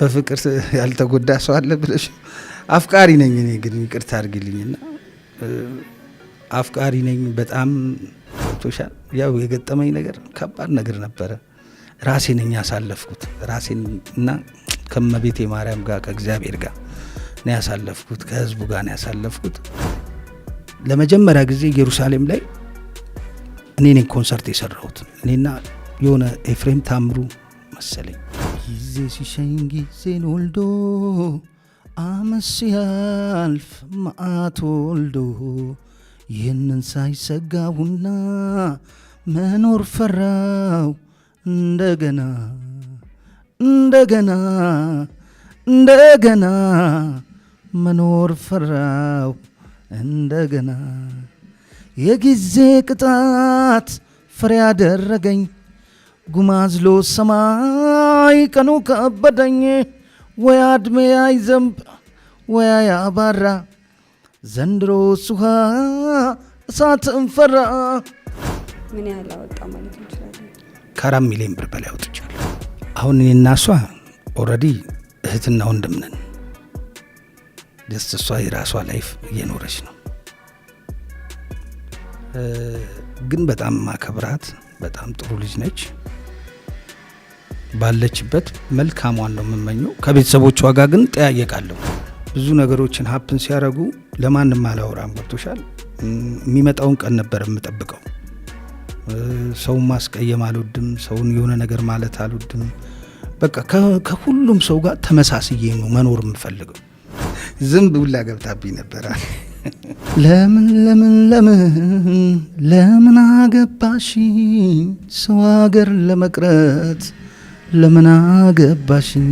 በፍቅር ያልተጎዳ ሰው አለ ብለሽ? አፍቃሪ ነኝ እኔ ግን ይቅርታ አድርግልኝና አፍቃሪ ነኝ። በጣም ቶሻል። ያው የገጠመኝ ነገር ከባድ ነገር ነበረ። ራሴ ነኝ ያሳለፍኩት ራሴን እና ከመቤቴ ማርያም ጋር ከእግዚአብሔር ጋር ነው ያሳለፍኩት፣ ከህዝቡ ጋር ነው ያሳለፍኩት። ለመጀመሪያ ጊዜ ኢየሩሳሌም ላይ እኔ ኮንሰርት የሰራሁት እኔና የሆነ ኤፍሬም ታምሩ መሰለኝ ጊዜ ሲሸኝ ጊዜን ወልዶ አመት ሲያልፍ መዓት ወልዶ ይህንን ሳይሰጋውና መኖር ፈራው እንደገና እንደገና እንደገና መኖር ፈራው እንደገና የጊዜ ቅጣት ፍሬ ያደረገኝ ጉማዝሎ ሰማይ ቀኑ ከበደኝ ወያ አድሜ አይዘንብ ወያ ያባራ ዘንድሮ ሱሃ እሳት እንፈራ። ምን ያህል አወጣ ማለት እንችላለን? ከአራት ሚሊዮን ብር በላይ አውጥቻለሁ። አሁን እኔና እሷ ኦልሬዲ እህትና ወንድም ነን። ደስ እሷ የራሷ ላይፍ እየኖረች ነው። ግን በጣም ማከብራት፣ በጣም ጥሩ ልጅ ነች። ባለችበት መልካሟን ነው የምመኘው። ከቤተሰቦቿ ጋር ግን ጠያየቃለሁ። ብዙ ነገሮችን ሀፕን ሲያደርጉ ለማንም አላወራም። ገብቶሻል። የሚመጣውን ቀን ነበር የምጠብቀው። ሰውን ማስቀየም አልወድም። ሰውን የሆነ ነገር ማለት አልወድም። በቃ ከሁሉም ሰው ጋር ተመሳስዬ ነው መኖር የምፈልገው። ዝም ብላ ገብታብኝ ነበረ። ለምን ለምን ለምን ለምን አገባሽ ሰው ሀገር ለመቅረት ለምን አገባሽኝ